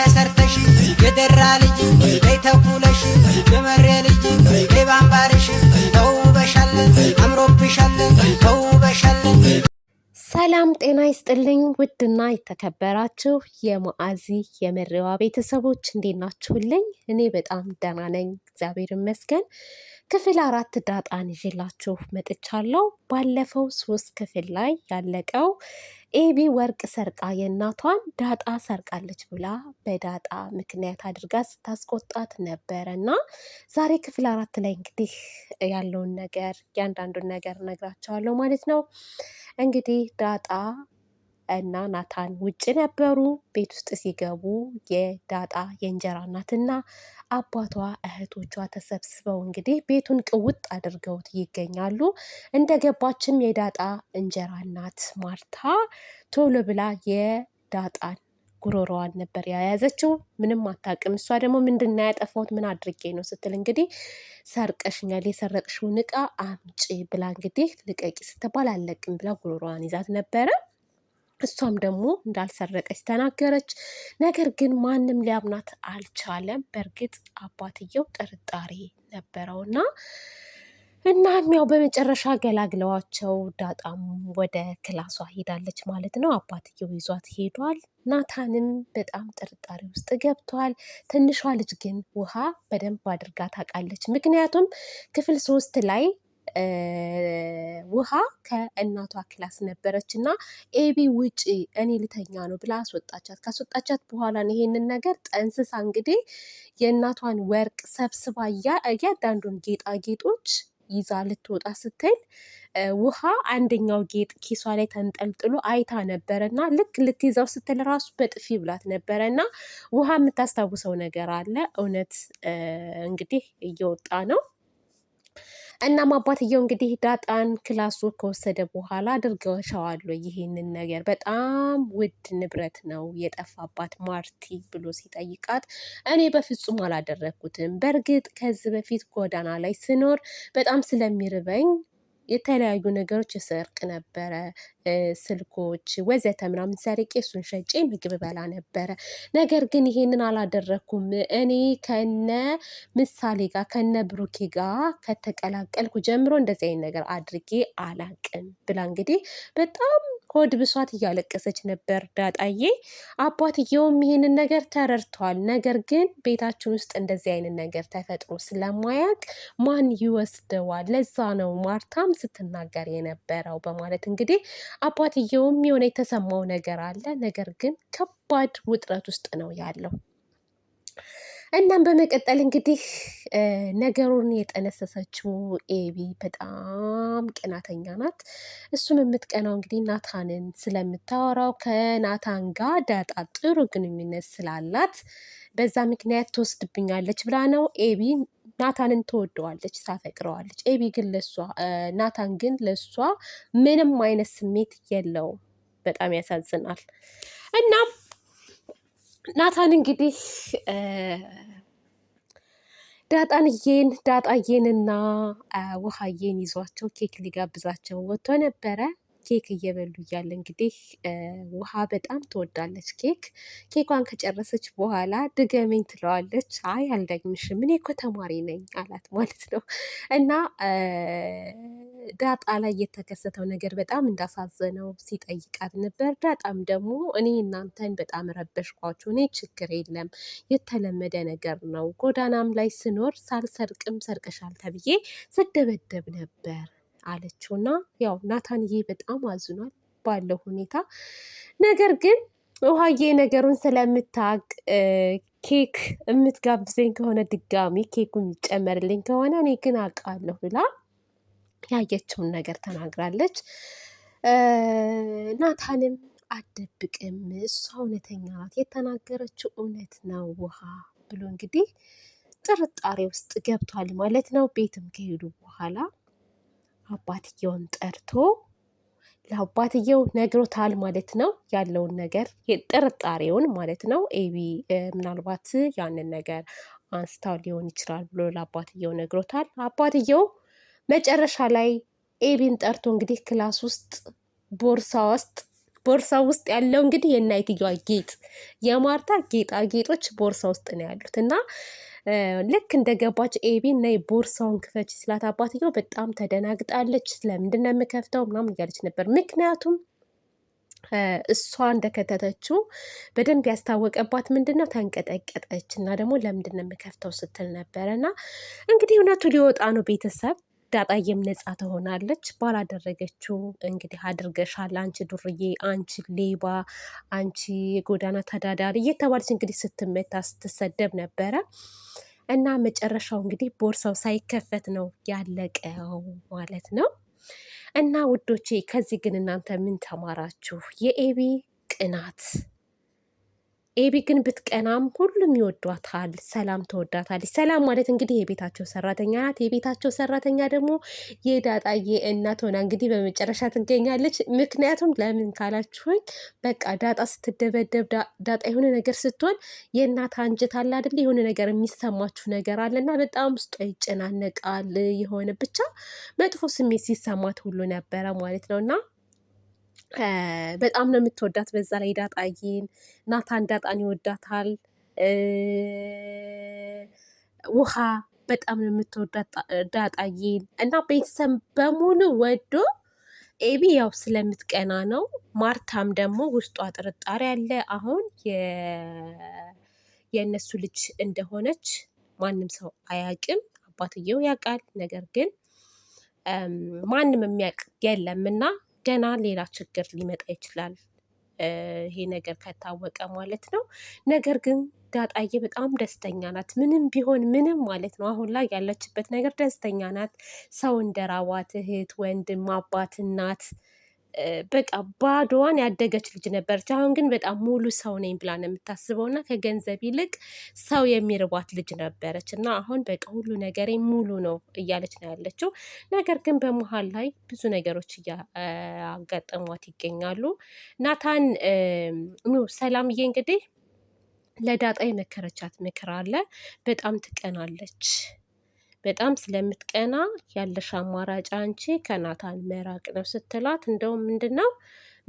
ተሰርተሽ የደራ ልጅ በይ ተኩለሽ የመሬ ልጅ በይ ባምባርሽ ተውበሻለን አምሮብሻለን ተውበሻለን። ሰላም ጤና ይስጥልኝ። ውድና የተከበራችሁ የማአዚ የመሬዋ ቤተሰቦች እንዴት ናችሁልኝ? እኔ በጣም ደህና ነኝ፣ እግዚአብሔር ይመስገን። ክፍል አራት ዳጣን ይዤላችሁ መጥቻለሁ። ባለፈው ሶስት ክፍል ላይ ያለቀው ኤቢ ወርቅ ሰርቃ የእናቷን ዳጣ ሰርቃለች ብላ በዳጣ ምክንያት አድርጋ ስታስቆጣት ነበረ እና ዛሬ ክፍል አራት ላይ እንግዲህ ያለውን ነገር እያንዳንዱን ነገር እነግራቸዋለሁ ማለት ነው። እንግዲህ ዳጣ እና ናታን ውጭ ነበሩ። ቤት ውስጥ ሲገቡ የዳጣ የእንጀራ እናትና አባቷ እህቶቿ ተሰብስበው እንግዲህ ቤቱን ቅውጥ አድርገውት ይገኛሉ። እንደገባችም የዳጣ እንጀራ እናት ማርታ ቶሎ ብላ የዳጣን ጉሮሮዋን ነበር የያዘችው። ምንም አታውቅም። እሷ ደግሞ ምንድና ነው ያጠፋሁት? ምን አድርጌ ነው ስትል እንግዲህ ሰርቀሽኛል፣ የሰረቅሽውን ዕቃ አምጪ ብላ እንግዲህ ልቀቂ ስትባል አለቅም ብላ ጉሮሮዋን ይዛት ነበረ። እሷም ደግሞ እንዳልሰረቀች ተናገረች። ነገር ግን ማንም ሊያምናት አልቻለም። በእርግጥ አባትየው ጥርጣሬ ነበረውና እናም ያው በመጨረሻ ገላግለዋቸው ዳጣም ወደ ክላሷ ሄዳለች ማለት ነው። አባትየው ይዟት ሄዷል። ናታንም በጣም ጥርጣሬ ውስጥ ገብቷል። ትንሿ ልጅ ግን ውሃ በደንብ አድርጋ ታውቃለች። ምክንያቱም ክፍል ሶስት ላይ ውሃ ከእናቷ ክላስ ነበረች እና ኤቢ ውጪ እኔ ልተኛ ነው ብላ አስወጣቻት። ካስወጣቻት በኋላ ነው ይሄንን ነገር ጠንስሳ እንግዲህ የእናቷን ወርቅ ሰብስባ እያንዳንዱን ጌጣጌጦች ይዛ ልትወጣ ስትል ውሃ አንደኛው ጌጥ ኪሷ ላይ ተንጠልጥሎ አይታ ነበረ እና ልክ ልትይዘው ስትል ራሱ በጥፊ ብላት ነበረ እና ውሃ የምታስታውሰው ነገር አለ። እውነት እንግዲህ እየወጣ ነው። እናም አባትየው እንግዲህ ዳጣን ክላሱ ከወሰደ በኋላ አድርገሻዋል ይህንን ነገር በጣም ውድ ንብረት ነው የጠፋባት ማርቲ ብሎ ሲጠይቃት እኔ በፍጹም አላደረግኩትም። በእርግጥ ከዚህ በፊት ጎዳና ላይ ስኖር በጣም ስለሚርበኝ የተለያዩ ነገሮች ስርቅ ነበረ፣ ስልኮች ወዘተ ምናምን ሰርቄ እሱን ሸጬ ምግብ በላ ነበረ። ነገር ግን ይሄንን አላደረግኩም። እኔ ከነ ምሳሌ ጋር ከነ ብሩኬ ጋር ከተቀላቀልኩ ጀምሮ እንደዚህ አይነት ነገር አድርጌ አላቅም ብላ እንግዲህ በጣም ሆድ ብሷት እያለቀሰች ነበር ዳጣዬ። አባትየውም ይህንን ነገር ተረድተዋል። ነገር ግን ቤታችን ውስጥ እንደዚህ አይነት ነገር ተፈጥሮ ስለማያውቅ ማን ይወስደዋል? ለዛ ነው ማርታም ስትናገር የነበረው በማለት እንግዲህ አባትየውም የሆነ የተሰማው ነገር አለ። ነገር ግን ከባድ ውጥረት ውስጥ ነው ያለው። እናም በመቀጠል እንግዲህ ነገሩን የጠነሰሰችው ኤቢ በጣም ቅናተኛ ናት። እሱም የምትቀናው እንግዲህ ናታንን ስለምታወራው ከናታን ጋር ዳጣ ጥሩ ግንኙነት ስላላት በዛ ምክንያት ትወስድብኛለች ብላ ነው ኤቢ ናታንን ትወደዋለች፣ ታፈቅረዋለች። ኤቢ ግን ለሷ ናታን ግን ለሷ ምንም አይነት ስሜት የለውም። በጣም ያሳዝናል። እናም ናታን እንግዲህ ዳጣንዬን ዳጣዬንና ውሃዬን ይዟቸው ኬክ ሊጋብዛቸው ወጥቶ ነበረ። ኬክ እየበሉ እያለ እንግዲህ ውሃ በጣም ትወዳለች ኬክ። ኬኳን ከጨረሰች በኋላ ድገመኝ ትለዋለች። አይ አልደግምሽም፣ እኔ እኮ ተማሪ ነኝ አላት ማለት ነው። እና ዳጣ ላይ የተከሰተው ነገር በጣም እንዳሳዘነው ሲጠይቃት ነበር። ዳጣም ደግሞ እኔ እናንተን በጣም ረበሽኳችሁ፣ እኔ ችግር የለም የተለመደ ነገር ነው። ጎዳናም ላይ ስኖር ሳልሰርቅም ሰርቀሻል ተብዬ ስደበደብ ነበር አለችው እና ያው ናታንዬ በጣም አዝኗል ባለው ሁኔታ። ነገር ግን ውሃዬ ነገሩን ስለምታቅ ኬክ የምትጋብዘኝ ከሆነ ድጋሚ ኬኩ የሚጨመርልኝ ከሆነ እኔ ግን አውቃለሁ ብላ ያየችውን ነገር ተናግራለች። ናታንም አደብቅም፣ እሷ እውነተኛ ናት፣ የተናገረችው እውነት ነው ውሃ ብሎ እንግዲህ ጥርጣሬ ውስጥ ገብቷል ማለት ነው። ቤትም ከሄዱ በኋላ አባትየውን ጠርቶ ለአባትየው ነግሮታል ማለት ነው። ያለውን ነገር ጥርጣሬውን ማለት ነው። ኤቢ ምናልባት ያንን ነገር አንስታው ሊሆን ይችላል ብሎ ለአባትየው ነግሮታል። አባትየው መጨረሻ ላይ ኤቢን ጠርቶ እንግዲህ ክላስ ውስጥ ቦርሳ ውስጥ ቦርሳ ውስጥ ያለው እንግዲህ የእናትየዋ ጌጥ የማርታ ጌጣጌጦች ቦርሳ ውስጥ ነው ያሉት እና ልክ እንደገባች ኤቢ ነይ ቦርሳውን ክፈች ስላት አባትየው በጣም ተደናግጣለች። ስለምንድን ነው የምከፍተው ምናምን እያለች ነበር። ምክንያቱም እሷ እንደከተተችው በደንብ ያስታወቀባት ምንድን ነው ተንቀጠቀጠች እና ደግሞ ለምንድን ነው የምከፍተው ስትል ነበረ እና እንግዲህ እውነቱ ሊወጣ ነው ቤተሰብ ዳጣዬም ነፃ ትሆናለች። ባላደረገችው እንግዲህ አድርገሻል፣ አንቺ ዱርዬ፣ አንቺ ሌባ፣ አንቺ የጎዳና ተዳዳሪ እየተባለች እንግዲህ ስትመታ ስትሰደብ ነበረ። እና መጨረሻው እንግዲህ ቦርሳው ሳይከፈት ነው ያለቀው ማለት ነው። እና ውዶቼ ከዚህ ግን እናንተ ምን ተማራችሁ? የኤቢ ቅናት ኤቢ ግን ብትቀናም ሁሉም ይወዷታል። ሰላም ተወዳታለች። ሰላም ማለት እንግዲህ የቤታቸው ሰራተኛ ናት። የቤታቸው ሰራተኛ ደግሞ የዳጣዬ እናት ሆና እንግዲህ በመጨረሻ ትገኛለች። ምክንያቱም ለምን ካላችሁኝ በቃ ዳጣ ስትደበደብ፣ ዳጣ የሆነ ነገር ስትሆን የእናት አንጀት አለ አይደል? የሆነ ነገር የሚሰማችሁ ነገር አለ እና በጣም ውስጧ ይጨናነቃል። የሆነ ብቻ መጥፎ ስሜት ሲሰማት ሁሉ ነበረ ማለት ነው እና በጣም ነው የምትወዳት። በዛ ላይ ዳጣዬን ናታን ዳጣን ይወዳታል። ውሃ በጣም ነው የምትወዳት ዳጣዬን እና ቤተሰብ በሙሉ ወዶ ኤቢ ያው ስለምትቀና ነው። ማርታም ደግሞ ውስጧ ጥርጣሬ አለ። አሁን የእነሱ ልጅ እንደሆነች ማንም ሰው አያውቅም። አባትየው ያውቃል፣ ነገር ግን ማንም የሚያውቅ የለም እና ገና ሌላ ችግር ሊመጣ ይችላል። ይሄ ነገር ከታወቀ ማለት ነው። ነገር ግን ዳጣዬ በጣም ደስተኛ ናት። ምንም ቢሆን ምንም ማለት ነው። አሁን ላይ ያለችበት ነገር ደስተኛ ናት። ሰው እንደራባት እህት፣ ወንድም፣ አባት፣ እናት በቃ ባዶዋን ያደገች ልጅ ነበረች። አሁን ግን በጣም ሙሉ ሰው ነኝ ብላ ነው የምታስበው እና ከገንዘብ ይልቅ ሰው የሚርባት ልጅ ነበረች እና አሁን በቃ ሁሉ ነገሬ ሙሉ ነው እያለች ነው ያለችው። ነገር ግን በመሀል ላይ ብዙ ነገሮች እያጋጠሟት ይገኛሉ። ናታን ሰላምዬ እንግዲህ ለዳጣ የመከረቻት ምክር አለ። በጣም ትቀናለች በጣም ስለምትቀና ያለሽ አማራጭ አንቺ ከናታን መራቅ ነው ስትላት፣ እንደውም ምንድን ነው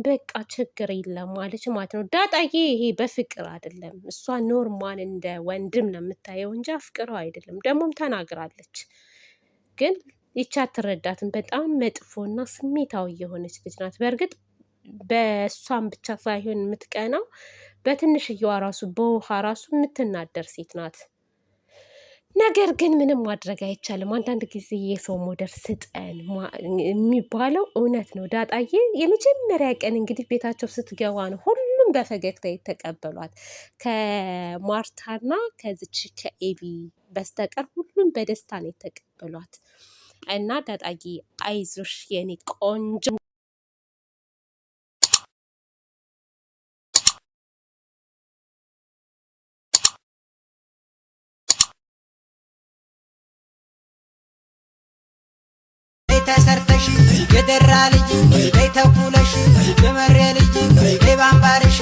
በቃ ችግር የለም ማለች ማለት ነው። ዳጣዬ ይሄ በፍቅር አይደለም። እሷ ኖርማል እንደ ወንድም ነው የምታየው እንጂ አፍቅረው አይደለም። ደግሞም ተናግራለች ግን ይቻ ትረዳትም በጣም መጥፎና ስሜታዊ የሆነች ልጅ ናት። በእርግጥ በእሷን ብቻ ሳይሆን የምትቀናው በትንሽየዋ ራሱ በውሃ ራሱ የምትናደር ሴት ናት። ነገር ግን ምንም ማድረግ አይቻልም። አንዳንድ ጊዜ የሰው ሞደር ስጠን የሚባለው እውነት ነው። ዳጣዬ የመጀመሪያ ቀን እንግዲህ ቤታቸው ስትገባ ነው ሁሉም በፈገግታ የተቀበሏት ከማርታና ከዚች ከኤቢ በስተቀር ሁሉም በደስታ ነው የተቀበሏት እና ዳጣዬ አይዞሽ የኔ ቆንጆ ተሰርተሽ የደራ ልጅ ተይ የመሬ ልጅ ተይ ባምባርሽ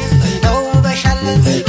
ተውበሻለን